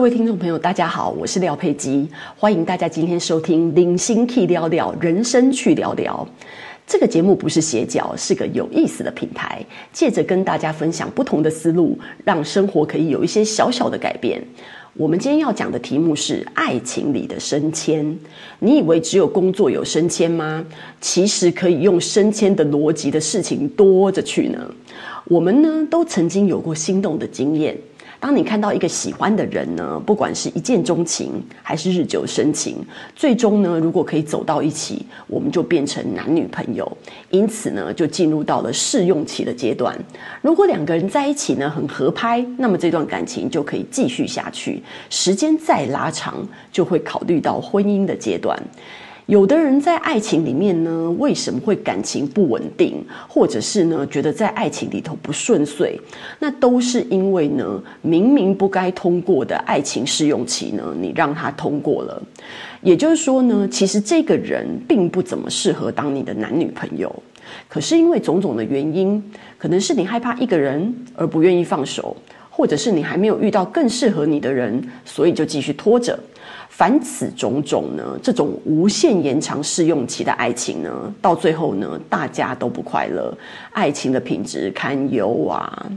各位聽眾朋友，大家好，我是廖佩基，歡迎大家今天收聽《零星 K 聊聊人生去廖廖》這個節目，不是邪教，是個有意思的品牌，借着跟大家分享不同的思路，讓生活可以有一些小小的改變。我們今天要講的題目是愛情裡的升遷。你以為只有工作有升遷嗎？其實可以用升遷的邏輯的事情多着去呢。我們呢，都曾經有過心動的經驗。當你看到一個喜歡的人呢，不管是一見鍾情還是日久生情，最終呢，如果可以走到一起，我們就變成男女朋友，因此呢，就進入到了試用期的階段。如果兩個人在一起呢，很合拍，那麼這段感情就可以繼續下去，時間再拉長，就會考慮到婚姻的階段。有的人在愛情裡面呢，為什麼會感情不穩定，或者是呢覺得在愛情裡頭不順遂？那都是因為呢，明明不該通過的愛情試用期呢，你讓他通過了。也就是說呢，其實這個人並不怎麼適合當你的男女朋友。可是因為種種的原因，可能是你害怕一個人而不願意放手，或者是你還沒有遇到更適合你的人，所以就繼續拖着。凡此種種呢，這種無限延長試用期的愛情呢，到最後呢，大家都不快樂，愛情的品質堪憂啊！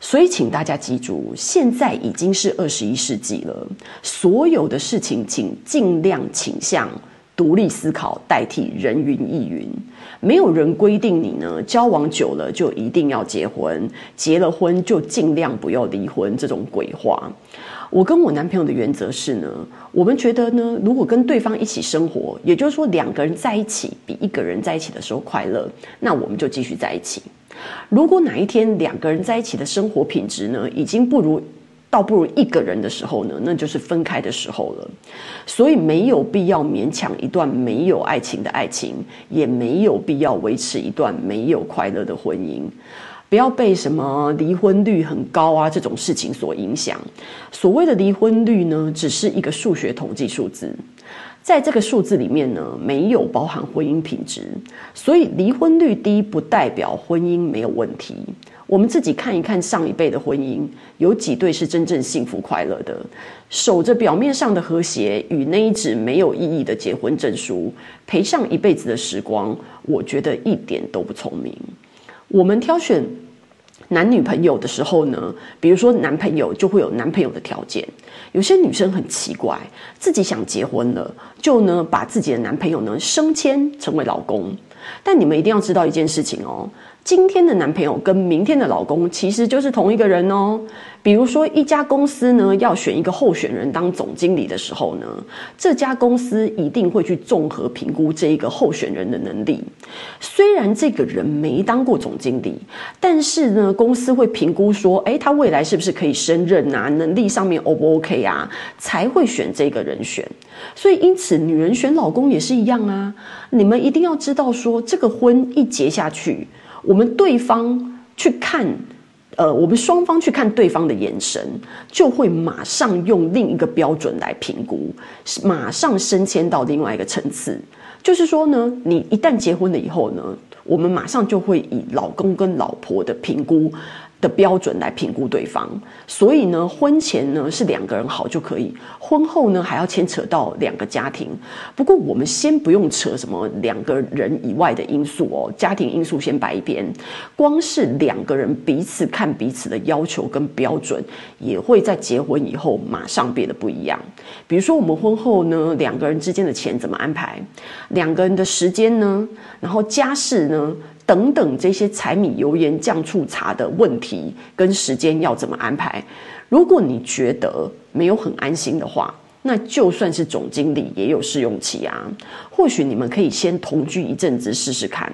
所以，請大家記住，現在已經是二十一世紀了，所有的事情，請盡量傾向。獨立思考代替人云亦云。沒有人規定你呢，交往久了就一定要結婚，結了婚就盡量不要離婚，這種鬼話。我跟我男朋友的原則是呢，我們覺得呢，如果跟對方一起生活，也就是說兩個人在一起比一個人在一起的時候快樂，那我們就繼續在一起。如果哪一天兩個人在一起的生活品質呢，已經不如，倒不如一個人的時候呢，那就是分開的時候了。所以沒有必要勉強一段沒有愛情的愛情，也沒有必要維持一段沒有快樂的婚姻。不要被什麼離婚率很高啊，這種事情所影響。所謂的離婚率呢，只是一個數學統計數字。在這個數字裡面呢，沒有包含婚姻品質。所以離婚率低不代表婚姻沒有問題。我們自己看一看上一輩的婚姻，有幾對是真正幸福快樂的？守着表面上的和諧與那一紙沒有意義的結婚證書，賠上一輩子的時光，我覺得一點都不聰明。我們挑選男女朋友的時候呢，比如說男朋友就會有男朋友的條件。有些女生很奇怪，自己想結婚了，就呢把自己的男朋友呢升遷成為老公。但你們一定要知道一件事情哦。今天的男朋友跟明天的老公其實就是同一個人哦。比如說，一家公司呢要選一個候選人當總經理的時候呢，這家公司一定會去綜合評估這一個候選人的能力。雖然這個人沒當過總經理，但是呢，公司會評估說，哎，他未來是不是可以升任啊？能力上面 O 不 OK 啊？才會選這個人選。所以，因此女人選老公也是一樣啊。你們一定要知道說，這個婚一結下去。我們對方去看，呃，我們雙方去看對方的眼神，就會馬上用另一個標準來評估，馬上升遷到另外一個層次。就是說呢，你一旦結婚了以後呢，我們馬上就會以老公跟老婆的評估的標準來評估對方，所以呢，婚前呢是兩個人好就可以，婚後呢還要牽扯到兩個家庭。不過我們先不用扯什麼兩個人以外的因素哦，家庭因素先擺一邊。光是兩個人彼此看彼此的要求跟標準，也會在結婚以後馬上變得不一樣。比如說，我們婚後呢，兩個人之間的錢怎麼安排，兩個人的時間呢，然後家事呢。等等，這些柴米油鹽醬醋茶的問題跟時間要怎麼安排？如果你覺得沒有很安心的話。那就算是總經理也有試用期啊，或許你們可以先同居一陣子試試看，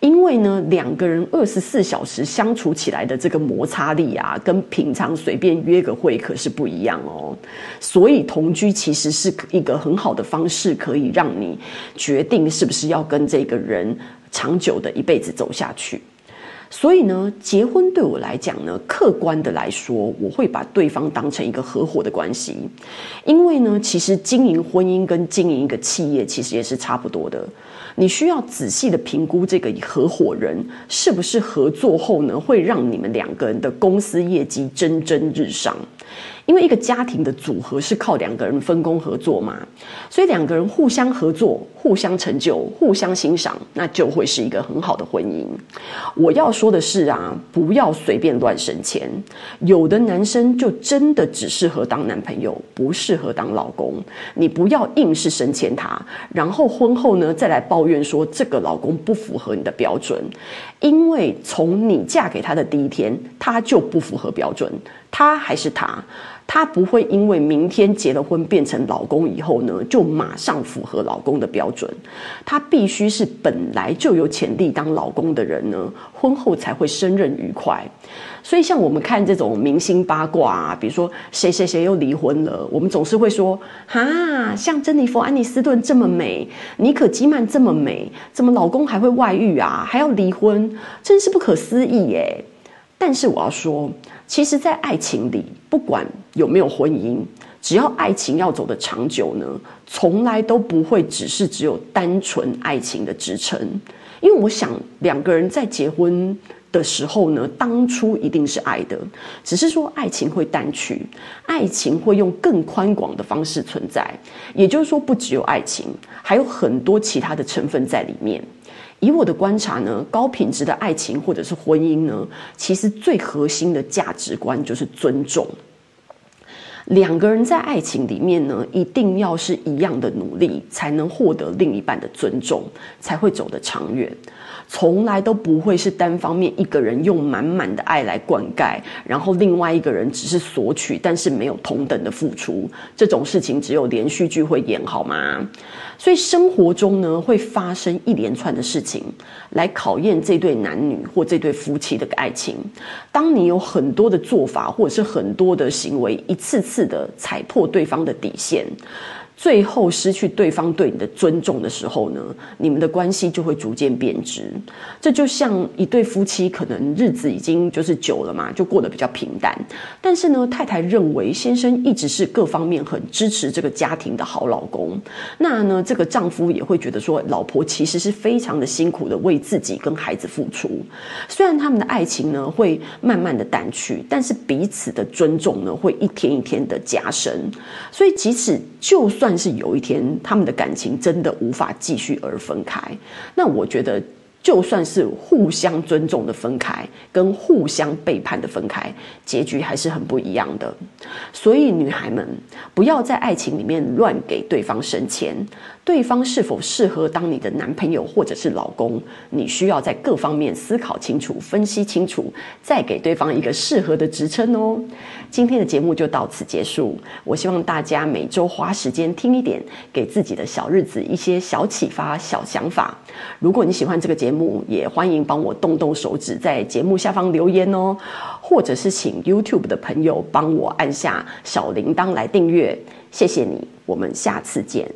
因為呢，兩個人二十四小時相處起來的這個摩擦力啊，跟平常隨便約個會可是不一樣哦。所以同居其實是一個很好的方式，可以讓你決定是不是要跟這個人長久的一輩子走下去。所以呢，結婚對我來講呢，客觀的來說，我會把對方當成一個合夥的關係，因為呢，其實經營婚姻跟經營一個企業其實也是差不多的，你需要仔細的評估這個合夥人是不是合作後呢，會讓你們兩個人的公司業績蒸蒸日上。因為一個家庭的組合是靠兩個人分工合作嘛，所以兩個人互相合作、互相成就、互相欣賞，那就會是一個很好的婚姻。我要說的是啊，不要隨便亂升遷。有的男生就真的只適合當男朋友，不適合當老公。你不要硬是升遷他，然後婚後呢再來抱怨說這個老公不符合你的標準，因為從你嫁給他的第一天，他就不符合標準。他還是他，他不會因為明天結了婚變成老公以後呢，就馬上符合老公的標準。他必須是本來就有潛力當老公的人呢，婚後才會勝任愉快。所以，像我們看這種明星八卦啊，比如說誰誰誰又離婚了，我們總是會說：哈、啊，像珍妮弗·安妮斯頓這麼美，妮可·基曼這麼美，怎麼老公還會外遇啊？還要離婚，真是不可思議耶！但是我要說，其實，在愛情裡，不管有沒有婚姻，只要愛情要走得長久呢，從來都不會只是只有單純愛情的支撐。因為我想，兩個人在結婚的時候呢，當初一定是愛的，只是說愛情會淡去，愛情會用更寬廣的方式存在。也就是說，不只有愛情，還有很多其他的成分在裡面。以我的觀察呢，高品質的愛情或者是婚姻呢，其實最核心的價值觀就是尊重。兩個人在愛情裡面呢，一定要是一樣的努力，才能獲得另一半的尊重，才會走得長遠。從來都不會是單方面一個人用滿滿的愛來灌溉，然後另外一個人只是索取，但是沒有同等的付出。這種事情，只有連續劇會演，好嗎？所以生活中呢，會發生一連串的事情來考驗這對男女或這對夫妻的愛情。當你有很多的做法或者是很多的行為，一次次。的踩破對方的底線。最後失去對方對你的尊重的時候呢，你們的關係就會逐漸變質。這就像一對夫妻，可能日子已經就是久了嘛，就過得比較平淡。但是呢，太太認為先生一直是各方面很支持這個家庭的好老公。那呢，這個丈夫也會覺得說，老婆其實是非常的辛苦的為自己跟孩子付出。雖然他們的愛情呢會慢慢的淡去，但是彼此的尊重呢會一天一天的加深。所以，即使就算但是有一天，他們的感情真的無法繼續而分開，那我覺得，就算是互相尊重的分開，跟互相背叛的分開，結局還是很不一樣的。所以，女孩們不要在愛情裡面亂給對方升遷。對方是否適合當你的男朋友或者是老公？你需要在各方面思考清楚，分析清楚，再給對方一個適合的職稱哦。今天的節目就到此結束。我希望大家每周花時間聽一點，給自己的小日子一些小啟發，小想法。如果你喜歡這個節目，也歡迎幫我動動手指，在節目下方留言哦，或者是請 YouTube 的朋友幫我按下小鈴鐺來訂閱。謝謝你，我們下次見。